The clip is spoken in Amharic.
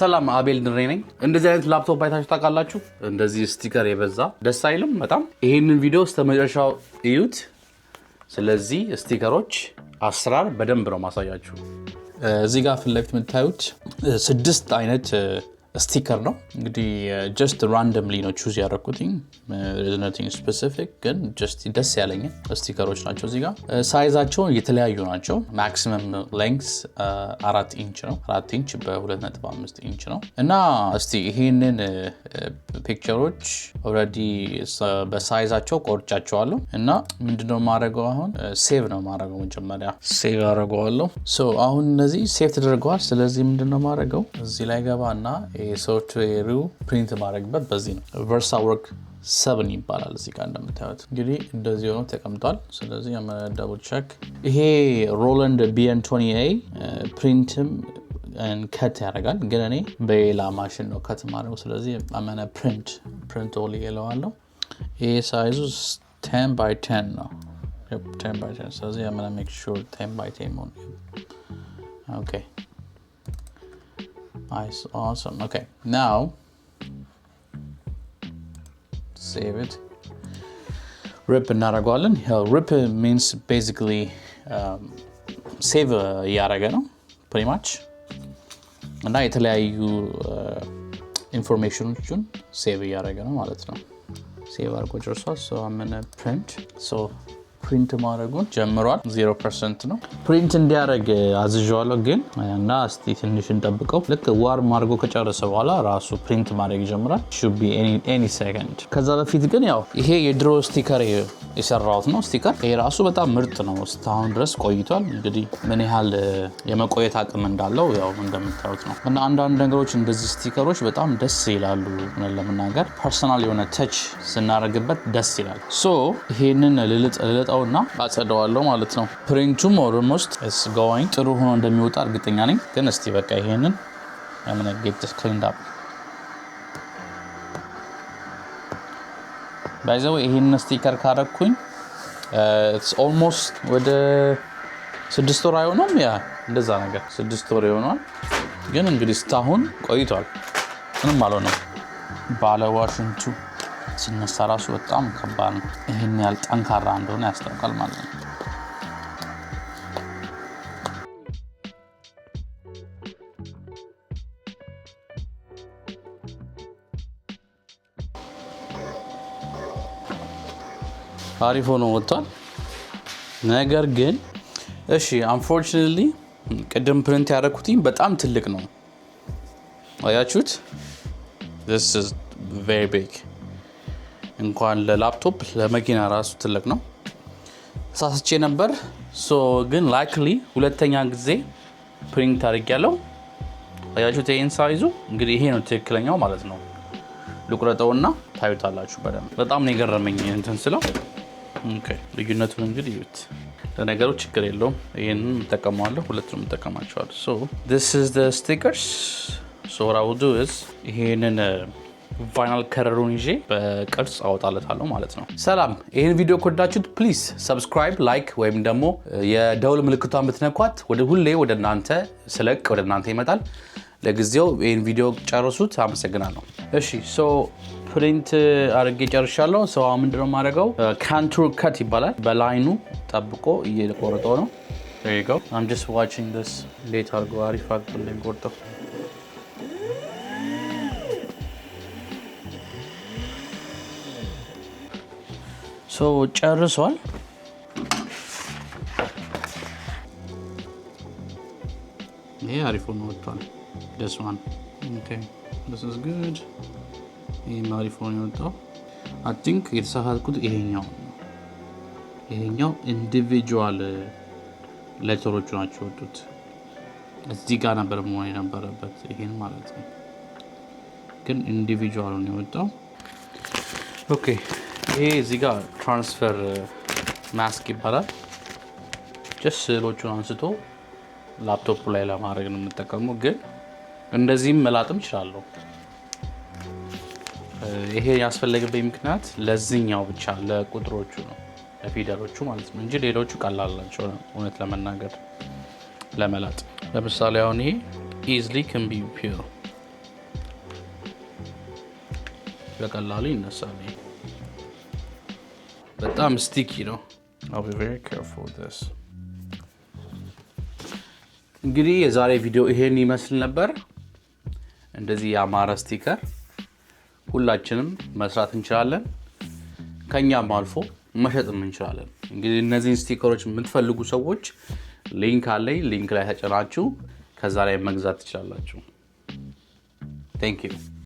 ሰላም አቤል ድሬ ነኝ። እንደዚህ አይነት ላፕቶፕ አይታችሁ ታውቃላችሁ? እንደዚህ ስቲከር የበዛ ደስ አይልም በጣም። ይህንን ቪዲዮ እስከ መጨረሻው እዩት። ስለዚህ ስቲከሮች አሰራር በደንብ ነው ማሳያችሁ። እዚህ ጋር ፊት ለፊት የምታዩት ስድስት አይነት ስቲከር ነው እንግዲህ ጀስት uh, ራንደምሊ ነው ቹዝ ያደረኩትኝ uh, ግን ጀስት ደስ ያለኝ ስቲከሮች ናቸው። እዚጋ ሳይዛቸው uh, የተለያዩ ናቸው። ማክሲመም ሌንግስ አራት ኢንች ነው። አራት ኢንች በ2.5 ኢንች ነው እና እስቲ ይህንን ፒክቸሮች ኦልሬዲ በሳይዛቸው ቆርጫቸዋለሁ እና ምንድነው ማድረገው አሁን ሴቭ ነው ማድረገው። መጀመሪያ ሴቭ አደረገዋለሁ። አሁን እነዚህ ሴቭ ተደርገዋል። ስለዚህ ምንድነው ማድረገው እዚህ ላይ እና የሶፍትዌሩ ፕሪንት ማድረግበት በዚህ ነው። ቨርሳ ወርክ ሰብን ይባላል። እዚህ ጋር እንደምታዩት እንግዲህ እንደዚህ ሆኖ ተቀምጧል። ስለዚህ ደብል ቸክ። ይሄ ሮላንድ ቢንቶኒ ፕሪንትም ከት ያደርጋል፣ ግን እኔ በሌላ ማሽን ነው ከት ማድረጉ። ስለዚህ አመነ ፕሪንት ፕሪንት ኦል የለዋለው ይሄ ሳይዙ ቴን ባይ ቴን ነው። ስለዚህ አመነ ሜክ ሹር ቴን ባይ ቴን መሆን ኦኬ Nice, awesome. Okay, now save it. Rip Naragwalan. Rip uh, means basically um, save Yaragano, pretty much. And I tell you uh, information, save a Yaragano. Save our culture source. So I'm gonna print. So ፕሪንት ማድረጉን ጀምሯል። ዜሮ ፐርሰንት ነው ፕሪንት እንዲያደረግ አዝዣዋለሁ ግን እና እስቲ ትንሽ እንጠብቀው። ልክ ዋርም አድርጎ ከጨረሰ በኋላ ራሱ ፕሪንት ማድረግ ይጀምራል። ቢ ኤኒ ሴከንድ። ከዛ በፊት ግን ያው ይሄ የድሮ ስቲከር የሰራሁት ነው ስቲከር። ይሄ ራሱ በጣም ምርጥ ነው፣ እስካሁን ድረስ ቆይቷል። እንግዲህ ምን ያህል የመቆየት አቅም እንዳለው ያው እንደምታዩት ነው። እና አንዳንድ ነገሮች እንደዚህ ስቲከሮች በጣም ደስ ይላሉ። ለመናገር ፐርሰናል የሆነ ተች ስናደረግበት ደስ ይላል። ሶ ይሄንን ልልጠው አወጣውና አጸደዋለሁ ማለት ነው። ፕሪንቱም ኦልሞስት ስጋዋኝ ጥሩ ሆኖ እንደሚወጣ እርግጠኛ ነኝ። ግን እስቲ በቃ ይሄንን ምንጌት ስክሪንዳ ባይዘው ይሄን ስቲከር ካረኩኝ ኦልሞስት uh, ወደ ስድስት ወር አይሆንም። ያ እንደዛ ነገር ስድስት ወር ይሆኗል። ግን እንግዲህ እስካሁን ቆይቷል፣ ምንም አልሆነም። ባለዋሽንቱ ሲነሳ ራሱ በጣም ከባድ ነው። ይህን ያህል ጠንካራ እንደሆነ ያስታውቃል ማለት ነው። አሪፍ ሆኖ ወጥቷል። ነገር ግን እሺ አንፎርችኔትሊ ቅድም ፕሪንት ያደረኩትኝ በጣም ትልቅ ነው። አያችሁት? ስ ቬሪ ቢግ እንኳን ለላፕቶፕ ለመኪና ራሱ ትልቅ ነው። ሳስቼ ነበር። ግን ላይክሊ ሁለተኛ ጊዜ ፕሪንት አድርግ ያለው አያችሁት? ይህን ሳይዙ እንግዲህ ይሄ ነው ትክክለኛው ማለት ነው። ልቁረጠውና ታዩታላችሁ በደንብ። በጣም ነው የገረመኝ እንትን ስለው ልዩነቱን እንግዲህ ይዩት። ለነገሩ ችግር የለውም። ይህንን እጠቀመዋለሁ። ሁለቱንም እጠቀማቸዋለሁ። ስ ስቲከርስ ሶ ራውዱ ይሄንን ቫይናል ከረሩን ይዤ በቅርጽ አወጣለታለሁ ማለት ነው። ሰላም፣ ይህን ቪዲዮ ከወዳችሁት ፕሊዝ ሰብስክራይብ፣ ላይክ ወይም ደግሞ የደውል ምልክቷን ብትነኳት ሁሌ ወደ እናንተ ስለቅ ወደ እናንተ ይመጣል። ለጊዜው ይህን ቪዲዮ ጨርሱት። አመሰግናለሁ። እሺ ሶ ፕሪንት አድርጌ ጨርሻለሁ። ሰው ምንድን ነው የማደርገው? ካንቱር ከት ይባላል። በላይኑ ጠብቆ እየቆረጠው ነው። ም አድርገው አሪፍ አድርጎ እንደሚቆርጠው ጨርሷል። ይሄ አሪፍ ሆኖ ወጥቷል። ደስ ዋን ይህም አሪፍ ሆኖ የወጣው አይ ቲንክ የተሳሳትኩት ይሄኛው ይሄኛው ኢንዲቪጁዋል ሌተሮቹ ናቸው የወጡት። እዚህ ጋር ነበር መሆን የነበረበት ይሄን ማለት ነው። ግን ኢንዲቪጁዋል ነው የወጣው። ኦኬ ይሄ እዚህ ጋር ትራንስፈር ማስክ uh, ይባላል። ጀስ ስዕሎቹን አንስቶ ላፕቶፑ ላይ ለማድረግ ነው የምጠቀመው። ግን እንደዚህም መላጥም እችላለሁ። uh, ይሄ ያስፈለገበኝ ምክንያት ለዚህኛው ብቻ ለቁጥሮቹ ነው ለፊደሎቹ ማለት ነው እንጂ ሌሎቹ ቀላል ናቸው። እውነት ለመናገር ለመላጥ ለምሳሌ አሁን ይሄ ኢዝሊ ክንቢ ፒር በቀላሉ ይነሳል። በጣም ስቲኪ ነው። እንግዲህ የዛሬ ቪዲዮ ይሄን ይመስል ነበር። እንደዚህ የአማረ ስቲከር ሁላችንም መስራት እንችላለን። ከኛም አልፎ መሸጥም እንችላለን። እንግዲህ እነዚህን ስቲከሮች የምትፈልጉ ሰዎች ሊንክ አለኝ። ሊንክ ላይ ተጨናችሁ ከዛ ላይ መግዛት ትችላላችሁ። ቴንክ